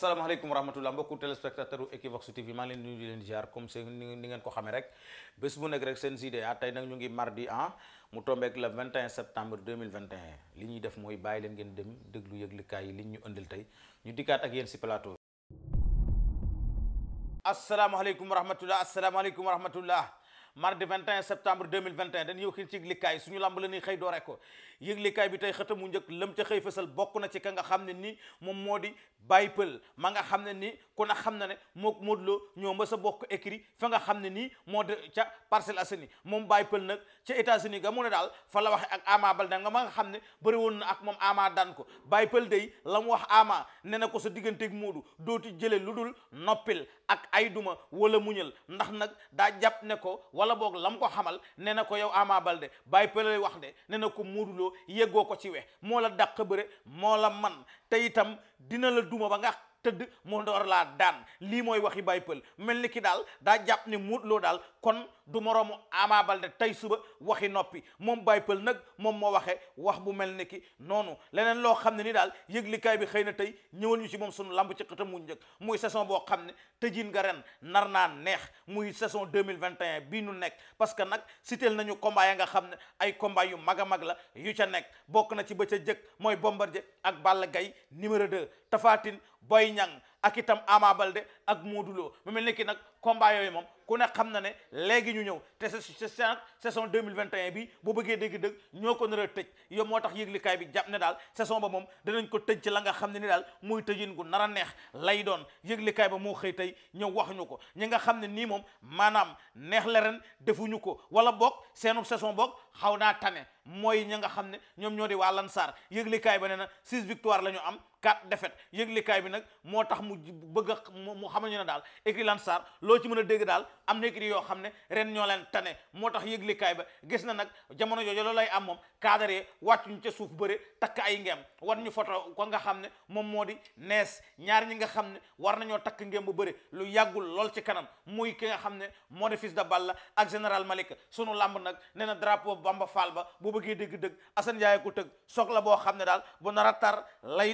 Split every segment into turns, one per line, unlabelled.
asalaamaaleykum wa rahmatulah mbokku téléspectateur u Equivox TV maa ngi leen di nuyu di leen ziar comme seen ni ngeen ko xamee rek bés bu nekk rek seen idée tey nag ñu ngi mardi ah mu tombeek le 21 li ñuy def mooy bàyyi leen ngeen dem déglu yëglikaay yi li ñu ëndil tey ñu dikkaat ak yéen si plateau. asalaamaaleykum wa rahmatulah asalaamaaleykum wa rahmatulah mardi 21 septembre 2021 dañuy yëg ci yëglikaay suñu lamb la ñuy xëy doore ko. yëglikaay bi tey xëtamu njëkk lëm ca xëy fësal bokk na ci ka nga xam ne ni moom moo di Baye Peul ma nga xam ne ni kon na xam na ne moo Modou Lo ñoo ma sa bokk écrit fa nga xam ne nii moo de ca Parcelles Assainies moom Baye Peul nag ca États-Unis ga mu ne daal fa la waxe ak Ama Baldé nga ma xam ne bëri woon na ak moom Ama daan ko Baye Peul day la mu wax Ama ne na ko sa digganteeg Modou dooti jële lu dul noppil ak ay duma wala muñal ndax nag daa jàpp ne ko wala boog lam ko xamal ne na ko yow Ama Baldé lay wax de ne na ko Modou loo yeggoo ko ci we moo la dàq bëre moo la man te itam dina la duma ba nga tëdd mu door laa daan lii mooy waxi Baye Pël mel ni ki daal daa jàpp ne muut loo daal kon du moroomu amaabal Baldé tey suba waxi noppi moom Baye nag moom moo waxee wax bu mel ni ki noonu leneen loo xam ne ni daal yëglikaay bi xëy na tey ñëwal ñu ci moom suñu lamb ci xëtam mu njëkk muy saison boo xam ne tëjiin nga ren nar naa neex muy sason mille saison 2021 bii nu nekk parce que nag sitel nañu combat ya nga xam ne ay combat yu mag a mag la yu ca nekk bokk na ci ba ca mooy Bombardier ak Balla Gaye numéro Boy Niang ak itam Ama ak Modou Lo mu mel ni ki nag combat yooyu moom ku ne xam na ne léegi ñu ñëw te c'est nag saison 2021 bi boo bëggee dégg-dëgg ñoo ko nar a tëj yow moo tax yëglikaay bi jàpp ne daal saison ba moom danañ ko tëj ci la nga xam ne ni daal muy tëjin gu nar a neex lay doon yëglikaay ba moo xëy tey ñëw wax ñu ko ñi nga xam ne nii moom maanaam neex la ren defuñu ko wala boog seenu saison boog xaw naa tane mooy ña nga xam ne ñoom ñoo di waa Lansar yëglikaay ba ne na six victoire la ñu am quatre défaites yëglikaay bi nag moo tax mu bëgg a mu xam xamal ñu ne daal écrit Lansar loo ci mën a dégg daal am na écrit yoo xam ne ren ñoo leen tane moo tax yëglikaay ba gis na nag jamono jooju loolu lay am moom cadre yi wàccuñu ca suuf bëre takk ay ngeem wan ñu foto ko nga xam ne moom moo di nees ñaar ñi nga xam ne war nañoo takk ngeem bu bëre lu yàggul lool ci kanam muy ki nga xam ne moo di fils de Balla ak général Malick sunu làmb nag nee na drapeau Bamba Fall ba boo bëggee dégg-dëgg Assane Ndiaye ko tëgg soog la boo xam ne daal bu nar a la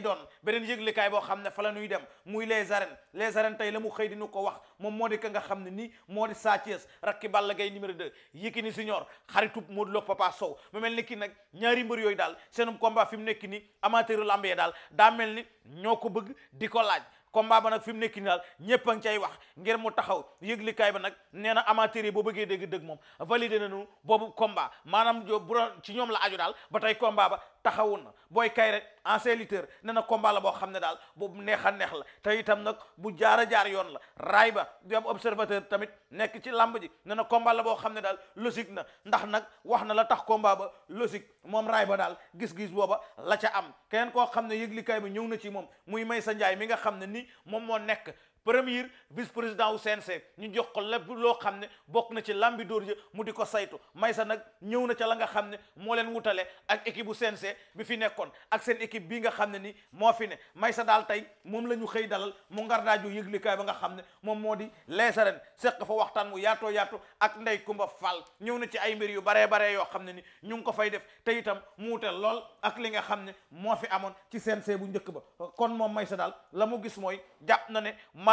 ñuy dem muy les arènes les la mu xëy dinu ko wax moom moo di ka nga xam ne nii moo di Sa Thiès rakki Balla Gaye numéro 2 Yékini Senior xaritub Modou Lo Papa Sow mu mel ni ki nag ñaari mbër yooyu daal seenu compa fi mu nekk nii amateur lamb daal daa mel ni ñoo ko bëgg di ko laaj combat ba nag fi mu nekk nii daal ñëpp a cay wax ngir mu taxaw yëglikaay ba nag nee na amateur yi boo bëggee dégg dëgg moom na nañu boobu combat maanaam bu doon ci ñoom la aju daal ba tey combat ba taxawoon na booy kay rek ancien lutteur na combat la boo xam ne daal bu neex a neex la te itam nag bu jaar a jaar yoon la raay ba di am observateur tamit nekk ci lamb ji nee na la boo xam ne daal logique na ndax nag wax na la tax combat ba logique moom raay ba daal gis-gis booba la ca am keneen koo xam ne yëglikaay bi ñëw na ci moom muy may sa njaay mi nga xam ne ni moom moo nekk premier vice président wu CNG ñu jox ko lépp loo xam ne bokk na ci lambi dóor ja mu di ko saytu may sa nag ñëw na ca la nga xam ne moo leen wutale ak équipe bu CNG bi fi nekkoon ak seen équipe bii nga xam ne ni moo fi ne may sa daal tey moom la ñu xëy dalal mu ngar daajo yëglikaay ba nga xam ne moom moo di les arènes seq fa waxtaan mu yaatoo yaatu ak ndey kumba Fall ñëw na ci ay mbir yu baree baree yoo xam ne ni ñu ngi ko fay def tey itam mu wute lool ak li nga xam ne moo fi amoon ci CNG bu njëkk ba kon moom may daal la mu gis mooy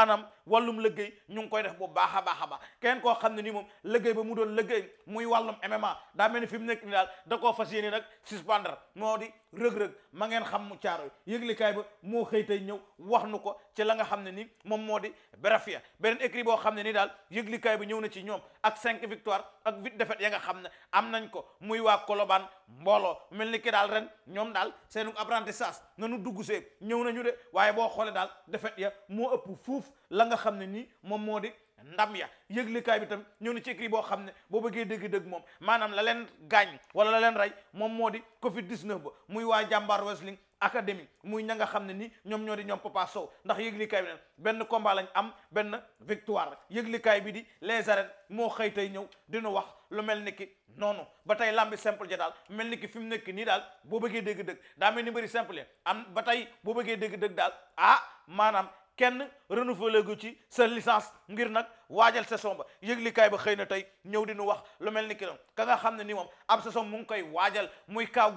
maanaam wàllum liggéey ñu koy def bu baax a baax a baax kenn koo xam ne nii moom liggéey ba mu doon liggéey muy wàllum MMA daa mel ni fi mu nekk ni daal da koo fas yéene nag suspendre moo di rëg-rëg ma ngeen xam mu caaro yëglikaay ba moo xëy tey ñëw wax nu ko ci la nga xam ne ni moom moo di berafia beneen écrit boo xam ne ni daal yëglikaay ba ñëw na ci ñoom ak cinq victoire ak huit défaites ya nga xam ne am nañ ko muy waa kolobaan mbooloo mel ni ki daal ren ñoom daal seenu apprentissage nanu dugg see ñëw nañu la nga xam ne nii moom moo di ndam ya yëglikaay bi tam ñëw na ci écrit boo xam ne boo bëggee dëgg-dëgg moom maanaam la leen gaañ wala la leen rey moom moo di covid 19 ba muy waa jàmbaar wrestling académie muy ña nga xam ne nii ñoom ñoo di ñoom Papa Sow ndax yëglikaay bi nag benn combat lañ am benn victoire yëglikaay bi di les arènes moo xëy tey ñëw dina wax lu mel ni ki noonu ba tey lambi simple ja daal mel ni ki fi mu nekk nii daal boo bëggee dëgg-dëgg daa mel ni mbëri simple am ba tey boo bëggee dëgg daal ah, kenn renouvelé gu ci sa licence ngir nag waajal saison ba yëglikaay ba xëy na tey ñëw di nu wax lu mel ni ki doon ka nga xam ne ni moom ab saison mu ngi koy waajal muy Kaaw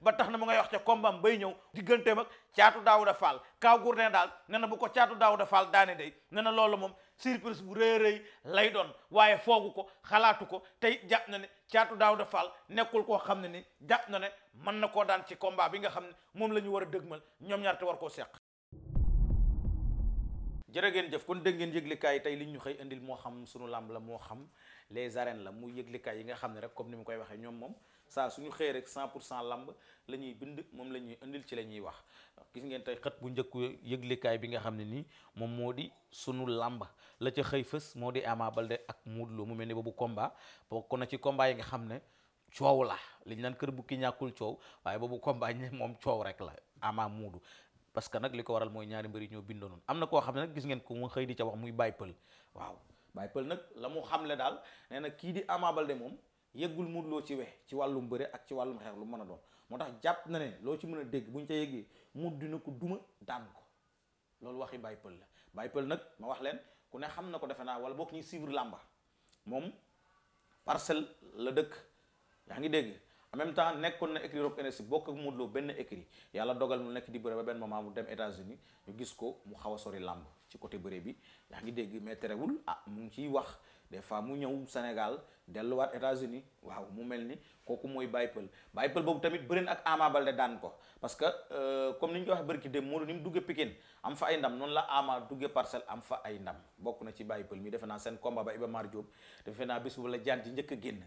ba tax na mu ngay wax ca kombaam bay ñëw digganteem ak caatu Daawuda Fall Kaaw Gourdin daal nee na bu ko caatu Daawuda Fall daane day nee na loolu moom surprise bu rëy rëy lay doon waaye foogu ko xalaatu ko tey jàpp na ne caatu Daawuda Fall nekkul koo xam ne ni jàpp na ne mën na koo daan ci combat bi nga xam ne moom la ñu war a dëgmal ñoom ñaar war koo seq jërë ngeen jëf kon dégg ngeen yëglikaay tey li ñu xëy indil moo xam sunu làmb la moo xam les arènes la mu yëglikaay yi nga xam ne rek comme ni mu koy waxee ñoom moom saa suñu xëyee rek 100 pour cent làmb la ñuy bind moom la ñuy indil ci la ñuy wax gis ngeen xët bu njëkk yëglikaay bi nga xam ne nii moom moo di sunu làmb la ca xëy fës moo di Ama Baldé ak Modou Lo mu mel ni bu combat bokk na ci combat yi nga xam ne coow la li naan kër bu ki ñàkkul coow waaye boobu combat ñi moom coow rek la Ama Modou parce que nag li ko waral mooy ñaari mbëri ñoo bindoonoon am na koo xam ne nag gis ngeen ko mu xëy di ca wax muy Baye Peul waaw Baye Peul nag la mu xamle daal nee na kii di Ama Baldé moom yeggul Modou Lo ci wex ci wàllum bëre ak ci wàllum xeex lu mën a doon moo tax jàpp na ne loo ci mën a dégg bu ñu ca yeggee Modou dina ko duma daan ko loolu waxi Baye Peul la Baye Peul nag ma wax leen ku ne xam na ko defe naa wala bokk ñuy suivre làmba moom parcelle la dëkk yaa ngi dégg en même temps nekkoon na écrit Rock Énergie bokk ak Modou Lo benn écrit yàlla dogal mu nekk di bëre ba benn moment mu dem États-Unis ñu gis ko mu xaw a sori làmb ci côté bëre bi yaa ngi dégg mais terewul ah mu ngi ciy wax des fois mu ñëw Sénégal delluwaat États-Unis waaw mu mel ni kooku mooy Baye Peul Baye Peul boobu tamit bërin ak Ama Baldé daan ko parce que euh, comme ni ñu ko waxee bërki dem Modou ni mu duggee am fa ay ndam noonu la Ama duggee Parcelles am fa ay ndam bokk na ci Baye Peul defe naa seen combat ba Iba Mar Diop defe naa bis bu jaan ci njëkk a génn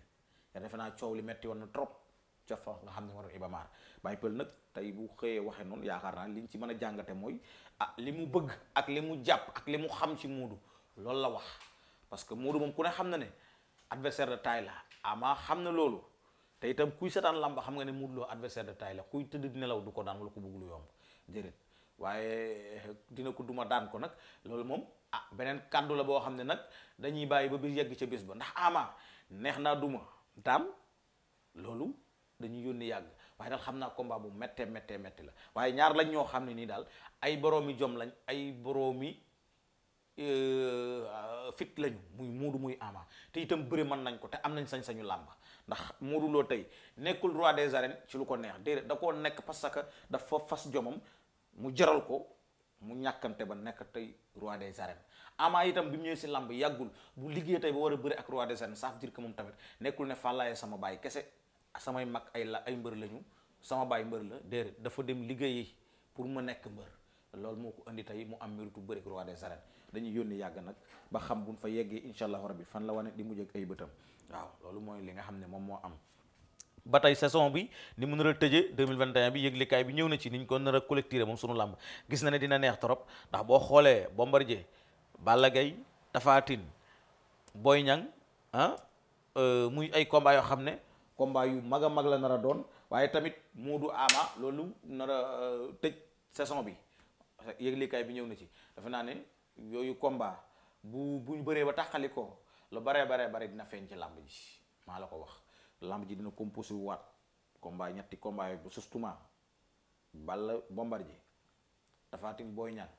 defe naa coow li metti woon na trop ca fa nga xam ne moo doon Iba Mar Baye nag tey bu xëyee waxee noonu yaakaar naa liñ ci mën a jàngate mooy a ah, li mu bëgg ak li mu jàpp ak li mu xam ci Moodu loolu la wax parce que Moodu moom ku ne xam na ne adversaire de taille la Ama xam na loolu te itam kuy setaan làmb xam nga ne Moodu Lo adversaire de taille la kuy tëdd nelaw du ko daan wala ko bëgg lu yomb jërét waaye eh, dina ko duma daan ko nag loolu moom ah beneen kàddu la boo xam ne nag dañuy bàyyi ba biir yegg ca bés ba ndax Ama neex naa duma daan dañuy yónni yàgg waaye daal xam naa komba bu méttee méttee métti la waaye ñaar lañ ñoo xam ne nii daal ay boroomi jom lañ ay boroomi euh, fit lañu muy Modou muy Ama te itam bëri mën nañ ko te am nañ sañ-sañu làmb ndax Modou Lo tey nekkul roi des arènes ci lu ko neex déedéet da koo nekk parce que dafa fas jomam mu jaral ko mu ñàkkante ba nekk tey roi des arènes Ama itam bi mu ñëwee si làmb yàggul bu liggéey tey ba war a bëri ak roi des arènes ça veut dire moom tamit nekkul ne fàllaayee sama bàyyi kese samay mag ay la ay mbër lañu sama baay mbër la déedéet dafa dem liggéeyi pour ma nekk mbër loolu moo ko indi tey mu am méritu bëri roi des arènes dañuy yónni yàgg nag ba xam buñ fa yeggee incha allahu rabbi fan la wane di mujj ak ay bëtam waaw loolu mooy li nga xam ne moom moo am. ba tey saison bi ni mu nar a tëjee 2021 bi yëglekaay bi ñëw na ci ni ñu ko nar a collecté moom sunu làmb gis na ne dina neex trop ndax boo xoolee Bombardier Balla Gaye Tapha Tine Boy Niang ah, euh, muy ay combat yoo xam ne. combat yu mag a mag la nar a doon waaye tamit mu du Ama loolu nar a euh, tëj saison bi yëglikaay bi ñëw na ci dafa naa ne yooyu combat bu buñ bëree ba taxali ko lu baree baree bare dina feeñ ci làmb ji maa la ko wax làmb ji dina composé waat combat ñetti combat yooyu bu sustuma Balla Bombardier Tapha Tine booy Niang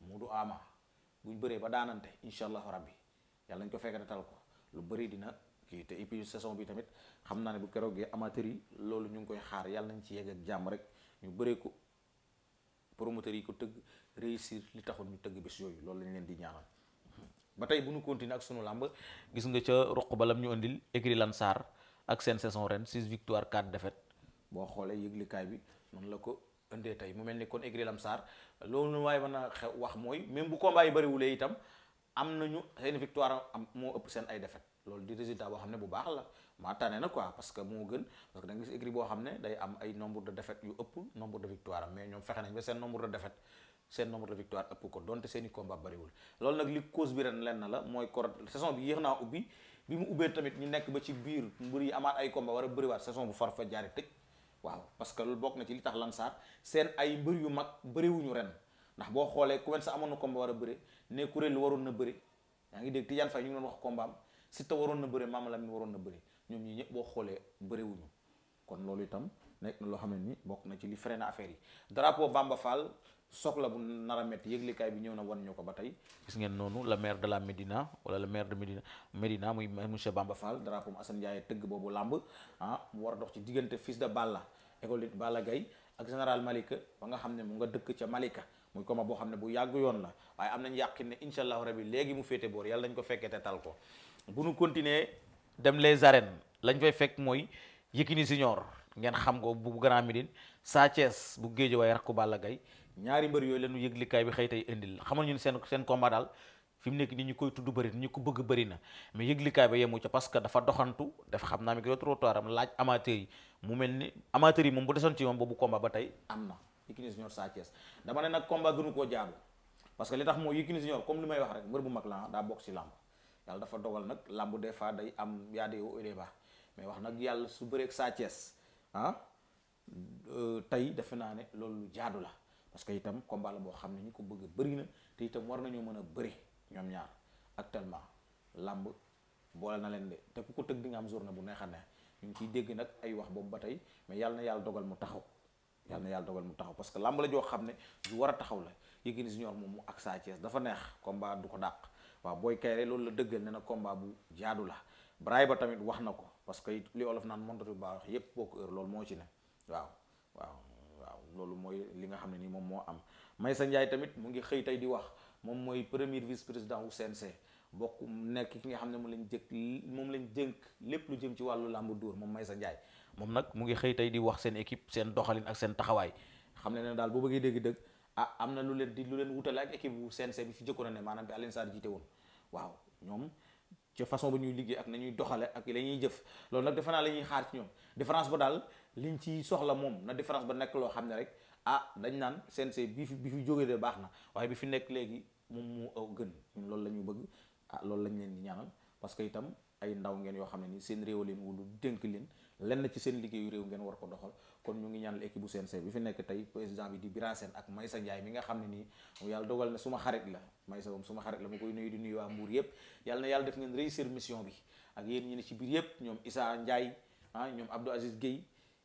Modou Ama bu ñu bëree ba daanante incha allahu rabbi yàlla ñu ko fekk tal ko lu bëri dina kii te et saison bi tamit xam naa ne bu keroog amateur yi loolu ñu ngi koy xaar yàlla nañ ci yegg ak jàmm rek ñu bëree ko promoteurs yi ko tëgg réussir li taxoon ñu tëgg bés yooyu loolu lañ leen di ñaanal. ba tey bu ñu continuer ak sunu làmb gis nga ca roq balam ñu indil écrit saar ak seen saison ren 6 victoire 4 defet boo xoolee yëglikaay bi noonu la ko indee tey mu mel ni kon écrit saar loolu waaye mën a xew wax mooy même bu combat yi bëriwulee itam am nañu seen victoire am moo ëpp seen ay défaite loolu di résultat boo xam ne bu baax la maa tane na quoi parce que moo gën parce que da gis écrit boo xam ne day am ay nombre de défaites yu ëpp nombre de victoire mais ñoom fexe nañ ba seen nombre de défaites seen nombre de victoire ëpp ko donte seen i combat bëriwul loolu nag li cause bi ren lenn la mooy kor saison bi yéex naa ubbi bi mu ubbee tamit ñu nekk ba ci biir mbir yi amaat ay combat war a bëriwaat saison bu far fa jaare tëj waaw parce que loolu na ci li tax Lansar seen ay mbir yu mag bëriwuñu ren ndax boo xoolee ku sa amoon na war a bëri ne kuréel waroon na bëri yaa ngi dégg Tidiane Faye ñu wax combat Siteu waroon na bëre Mama Lamine waroon na bëre ñoom ñi ñëpp boo xoolee bëriwuñu kon loolu itam nekk na loo xam ne ni bokk na ci li na affaire yi drapeau Bamba Fall soxla bu nar a métti bi ñëw na wan ñu ko ba tey gis ngeen noonu le maire de la Médina wala le maire de Médina Médina muy monsieur Bamba Fall drapeau mu Assane Ndiaye tëgg boobu làmb ah mu war a dox ci diggante fils de Balla école it Balla Gaye ak général Malika ba nga xam ne mu nga dëkk ca Malika muy combat boo xam ne bu yàgg yoon la waaye am nañ yàqin ne incha allahu rabi léegi mu féete boor yàlla nañ ko fekkee te tal bu nu continuer dem les arènes lañ fay fekk mooy Yékini Senior ngeen xam ko bu Grand Médine Sa Thiès bu Guédiawaye rakku Balla Gaye ñaari mbër yooyu lañu yëglikaay bi xëy tey indil xamal ñun seen seen combat daal fi mu nekk ni ñu koy tudd bëri na ñu ko bëgg bëri na mais yëglikaay ba yemu ca parce que dafa doxantu daf xam naa mi ko trottoir am laaj amateurs yi mu mel ni amateurs yi moom bu desoon ci moom boobu combat ba tey am na Yékini Senior Sa Thiès dama ne nag koo jaabu parce que li tax wax rek mbër mag la daa bokk ci yàlla dafa dogal nag làmb des fois day am yaa des hauts et des mais wax nag yàlla su bëreeg Sa Thiès ah euh, tey defe naa ne loolu jaadu la parce que itam combat la boo xam ne ñu ko bëgg bëri na te itam war nañoo mën a bëri ñoom ñaar actuellement làmb boole na leen de te ku ko tëgg nga am journée bu neex a neex ñu ngi ciy dégg nag ay wax boobu ba tey mais yàlla na yàlla dogal mu taxaw yàlla na yàlla dogal mu taxaw parce que làmb la joo xam ne war a taxaw la Yékini Junior moom mu ak Sa Thiès dafa neex combat du ko dàq waaw booy kayre loolu la dëggal ne na combat bu jaadu la braay ba tamit wax na ko parce que li olof naan montatu baax yépp bokk heure loolu moo ci ne waaw waaw waaw loolu mooy li nga xam ne nii moom moo am may sa njaay tamit mu ngi xëy tey di wax moom mooy premier vice président wu CNC bokk nekk ki nga xam ne moom lañ jëkk moom lañ jënk lépp lu jëm ci wàllu làmb dóor moom may sa Ndiaye moom nag mu ngi xëy tey di wax seen équipe seen doxalin ak seen taxawaay xam ne ne daal boo ah am na lu leen di lu leen wutale ak équipe bu CNC bi fi jëkkoon ne maanaam bi Alioune Sarr jiite woon waaw ñoom ci façon ba ñuy liggéey ak nañuy doxale ak lañuy ñuy jëf loolu nag defe naa la ñuy xaar ci ñoom différence ba daal liñ ci soxla moom na différence ba nekk loo xam ne rek ah dañ naan CNC bi fi bi fi jógee baax na waaye bi fi nekk léegi moom mu gën loolu la ñu bëgg ah loolu lañ leen di ñaanal parce que itam ay ndaw ngeen yoo xam ne ni seen réew leen wu lu dénk leen lenn ci seen liggéeyu réew ngeen war ko doxal kon ñu ngi ñaanal équipe bu CNG bi fi nekk tey président bi di Bira Sène ak Maysa Ndiaye mi nga xam ne nii moom yàlla dogal na suma xarit la Maysa moom suma xarit la ma koy nuyu di nuyu waa Mbour yépp yàlla na yàlla def ngeen réussir mission bi ak biir yépp ñoom Issa Ndiaye ah ñoom Abdou Aziz Guèye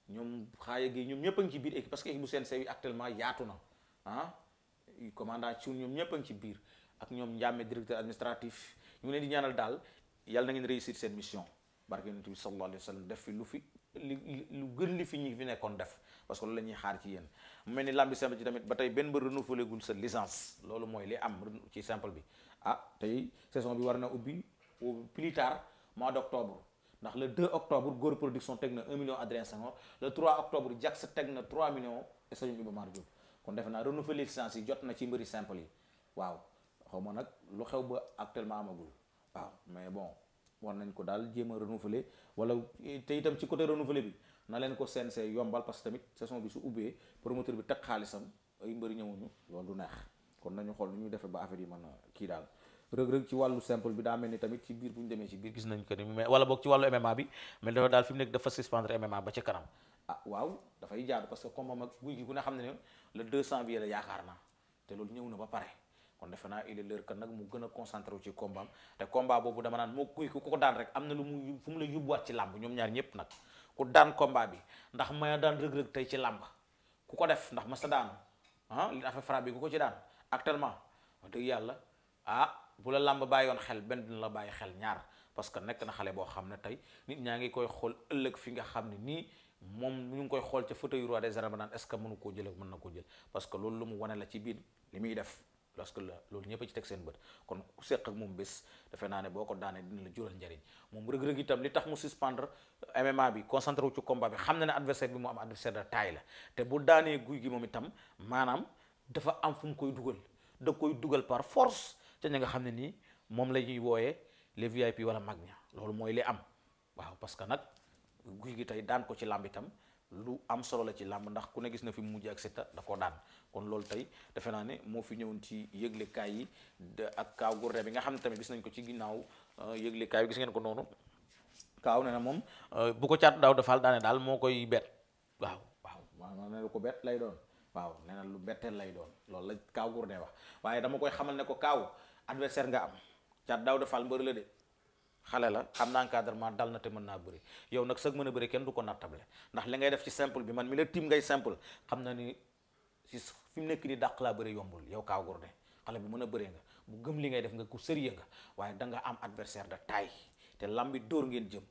ñoom Xaaya Guèye ñoom ñëpp a biir équipe parce que équipe bu CNG bi actuellement yaatu na ah ñoom ñëpp a ci biir ak ñoom Ndiame directeur administratif ñu ngi leen di ñaanal daal yàlla na ngeen réussir seen mission barke yonent bi sallallahu alayhi def fi lu fi lu gën li fi ñi fi nekkoon def parce que loolu la ñuy xaar ci yéen mu mel ni lambi simple ci tamit ba tey benn ba renouvelé gul sa licence loolu mooy li am ci simple bi ah tey saison bi war na ubbi au plus tard mois d' octobre ndax le 2 octobre góor production teg na 1 million Adrien Senghor le 3 octobre Jax teg na 3 millions stadium Iba Mar Diop kon defe naa renouvelé licence yi jot na ci mbëri simple yi waaw xaw ma nag lu xew ba actuellement amagul waaw mais bon. war nañ ko daal jéem a renouveler wala te itam ci côté renouveler bi na leen ko CNC yombal parce que tamit saison bi su ubbee promoteur bi teg xaalisam ay mbëri ñëwuñu loolu du neex kon nañu xool nu ñu defee ba affaire yi man a kii daal rëg-rëg ci wàllu simple bi daa mel ni tamit ci biir bu ñu demee ci biir gis nañ ko ni mais wala boog ci wàllu MMA bi mais dafa daal fi mu nekk dafa suspendre MMA ba ca kanam ah waaw dafay jaar parce que combat mag guy xam ne ne le 200 bi la yaakaar naa loolu ñëw na ba pare kon defe naa il est l'heure que nag mu gën a concentré wu ci combat am te combat boobu dama naan moo kuy ku ko daan rek am na lu mu fu mu la yóbbuwaat ci làmb ñoom ñaar ñëpp nag ku daan combat bi ndax maya daan rëg-rëg tey ci làmb ku ko def ndax masta daanu ah li dafa fra bi ku ko ci daan actuellement wax dëgg yàlla ah bu la làmb bàyyoon xel benn dina la bàyyi xel ñaar parce que nekk na xale boo xam ne tey ñaa ngi koy xool ëllëg fi nga xam ni nii moom ñu ngi koy xool ca fauteuil roi des arènes naan est-ce mënu koo jël ak mën na koo jël parce que loolu lu mu wane la ci biir li muy def parce que la loolu ñëpp ci teg seen bët kon ku seq ak moom bés defe naa ne boo ko daanee dina la jural njariñ moom rëg-rëg itam li tax mu suspendre euh, MMA bi concentré wu ci combat bi xam na ne adversaire bi mu am adversaire de taille la te bu daanee guy gi moom itam maanaam dafa am fu mu koy dugal da koy dugal par force ca ña nga xam ne nii moom la ñuy wooyee les VIP wala mag ña loolu mooy li am waaw parce que nag guy gi tey daan ko ci làmb itam lu am solo la ci làmb ndax ku ne gis na fi mu mujj ak Siteu da ko daan kon loolu tey defe naa ne moo fi ñëwoon ci yëglekaay yi ak kaaw gourne bi nga xam ne tamit gis nañ ko ci ginnaaw euh, yëglekaay bi gis ngeen ko noonu kaaw ne na moom euh, bu ko caatu daaw defal daane daal moo koy bet waaw waaw waaw ne lu ko bet lay doon waaw nee na lu betteel lay doon loolu la kaaw gourne wax waaye dama koy xamal ne ko kaaw adversaire nga am caatu daaw defal mbër la de xale la am naa encadrement dal na te mën naa bëri yow nag sag mën a bëri kenn du ko nattable ndax li ngay def ci simple bi man mi la tiim ngay simple xam na ni si fi mu nekk nii dàq laa bëri yombul yow Kaw Gourdin xale bu mën a bëree nga bu gëm li ngay def nga ku sérieux nga waaye danga nga am adversaire de taille te lambi dóor ngeen jëm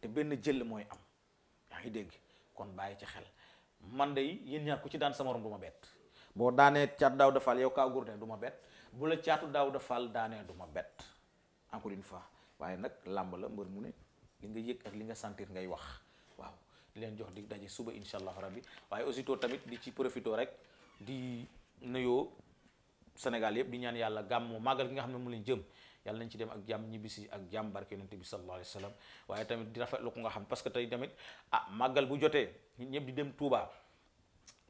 te benn jël mooy am yaa ngi dégg kon bàyyi ci xel man de yéen ñaar ku ci daan sama morom du ma bett boo daanee caatu daaw dafal yow Kaw Gourdin du ma bett bu la caatu daaw dafal daanee du ma bett encore une waaye nag làmb la mbër mu ne li nga yëg ak li nga sentir ngay wax waaw leen jox di daje suba incha allah rabbi waaye aussitôt tamit di ci profito rek di nuyoo Sénégal yëpp di ñaan yàlla gàmm gàmmu màggal gi nga xam ne mu leen jëm yàlla nañ ci dem ak jàmm ñibbisi ak jàmm barke yonente bi sallallahu alayhi wa waaye tamit di rafetlu ko nga xam parce que tey tamit ah màggal bu jotee ñun ñëpp di dem tuuba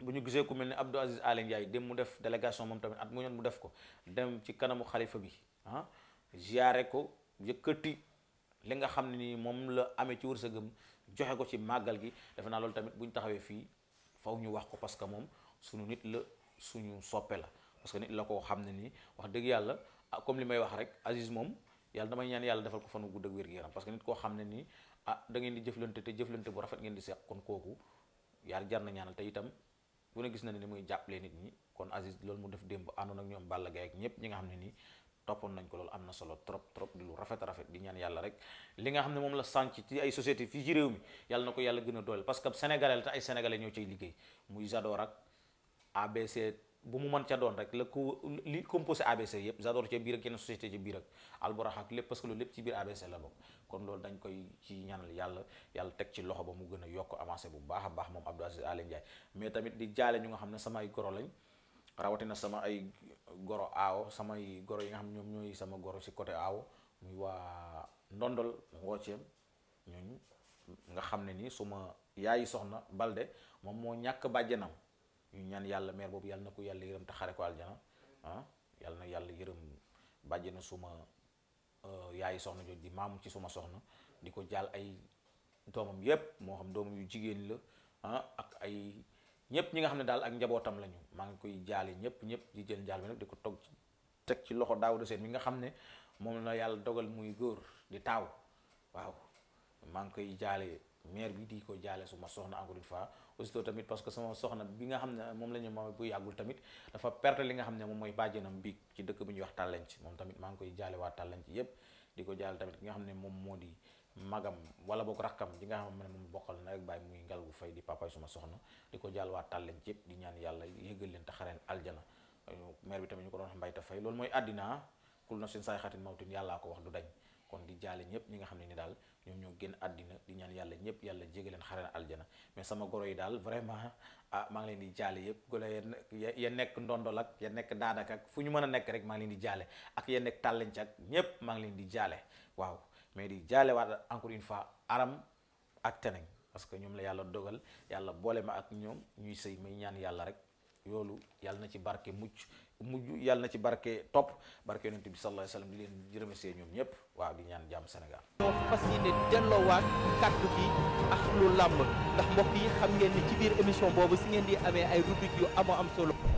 bu ñu gisee ku mel ne Abdou Aziz Alen Ndiaye dem mu def délégation moom tamit at mu ñoon mu def ko ci kanamu xalifa bi ah, yëkkati li nga xam ne nii moom la amee ci wërsëgam joxe ko ci màggal gi defe naa loolu tamit bu ñu taxawee fii faw ñu wax ko parce que moom suñu nit la suñu soppe la parce nit la koo xam ne nii wax dëgg yàlla ah comme li may wax rek Aziz moom yàlla damay ñaan yàlla defal ko fan wu gudd wér gi yaram parce que nit koo xam ne nii ah da di jëflante te jëflante bu rafet ngeen di seq kon kooku yàlla jar na ñaanal te itam bu ne gis na ne ni muy jàppalee nit ñi kon Aziz loolu mu def démb àndoon ak ñoom Balla Gaye ak ñëpp ñi nga xam ne nii toppoon nañ ko loolu am na solo trop trop di lu rafet rafet di ñaan yàlla rek li nga xam ne moom la sànc ci ay société fii ci réew mi yàlla na ko yàlla gën a dooleel parce que sénégalais la te ay sénégalais ñoo liggéey muy Zador ak ABC bu mu mën ca doon rek la ko li composé ABC yépp Zador ca biir ak yeneen société ca biir ak Alborax ak lépp parce que loolu lépp ci biir ABC la bokk kon loolu dañ koy ci ñaanal yàlla yàlla teg ci loxo ba mu gën a yokk avancé bu baax a baax moom Abdou Aziz Aly Ndiaye mais tamit di jaale ñu nga xam ne samay goro lañ rawatina sama ay goro aawo samay goro yi nga xam ñoom ñooy sama goro si côté aawo muy waa ndondol ngooceem ñooñu nga xam ne nii suma yaayi soxna Balde moom moo ñàkk bàjjanam ñu ñaan yàlla meer boobu yàlla na ko yàlla yërëm te xare ko aljana ah yàlla na yàlla yërëm bàjjana suma euh, yaayi soxna jooju di maamu ci suma soxna di ko jaal ay doomam yépp moo xam doomam yu jigéen la ah ak ay ñëpp ñi nga xam ne daal ak njabootam lañu maa ngi koy jaale ñëpp ñëpp di jël njaal bi di ko togg teg ci loxo Daouda Sène mi nga xam ne moom la yàlla dogal muy góor di taaw waaw maa ngi koy jaale maire bi di ko jaale su ma soxna encore une fois aussitôt tamit parce que soxna bi nga xam ne moom la ñu moom bu yàggul tamit dafa perte li nga xam ne moom mooy bàjjenam bi ci dëkk bi ñuy wax tàllanc moom tamit maa ngi koy jaale waa tàllanc yépp di ko jaale tamit ki nga xam ne moom moo di magam wala boog rakkam di nga xam ne moom bokkal na rek bàyyi muy ngal gu fay di papaay suma soxna di ko jàll waa tàlleen yëpp di ñaan yàlla yëgal leen taxareen aljana maire bi tamit ñu ko doon wax mbay ta fay loolu mooy àddina kul na seen saay xatin mawtin ko wax du dañ kon di jaale ñëpp ñi nga xam ne ni daal ñoom ñoo génn àddina di ñaan yàlla ñëpp yàlla jéggi leen xareen aljana mais sama goro yi daal vraiment ah maa ngi leen di jaale yëpp golo ya ya nekk ndondol ak ya nekk daadak ak fu ñu mën a nekk rek maa ngi leen di jaale ak ya nekk tàllenc ak ñëpp maa ngi leen di jaale waaw mais di jaalewaat encore une fois aram ak teneng parce que ñoom la yàlla dogal yàlla boole ma ak ñoom ñuy sëy may ñaan yàlla rek yoolu yàlla na ci barke mujj mujj yàlla na ci barke topp barke yonent bi sallallahu alayhi wa sallam di leen remercier ñoom ñëpp waaw di ñaan jàmm senegal ñoo fas yéene delloowaat kàddu gi ak lu làmb ndax mbokk yi xam ngeen ni ci biir émission boobu si ngeen di amee ay rubrique yu amoo am solo